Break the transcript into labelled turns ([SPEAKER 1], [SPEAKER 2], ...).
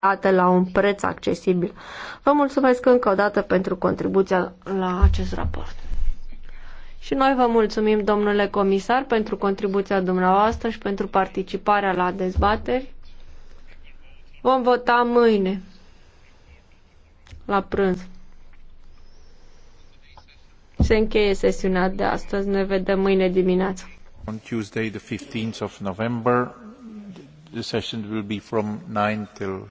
[SPEAKER 1] date la un preț accesibil. Vă mulțumesc încă o dată pentru contribuția la acest raport. Și noi vă mulțumim, domnule comisar, pentru contribuția dumneavoastră și pentru participarea la dezbateri. Vom vota mâine, la prânz. Se încheie sesiunea de astăzi. Ne vedem mâine dimineață.
[SPEAKER 2] On Tuesday,
[SPEAKER 3] the 15th of November, the session will be from 9 till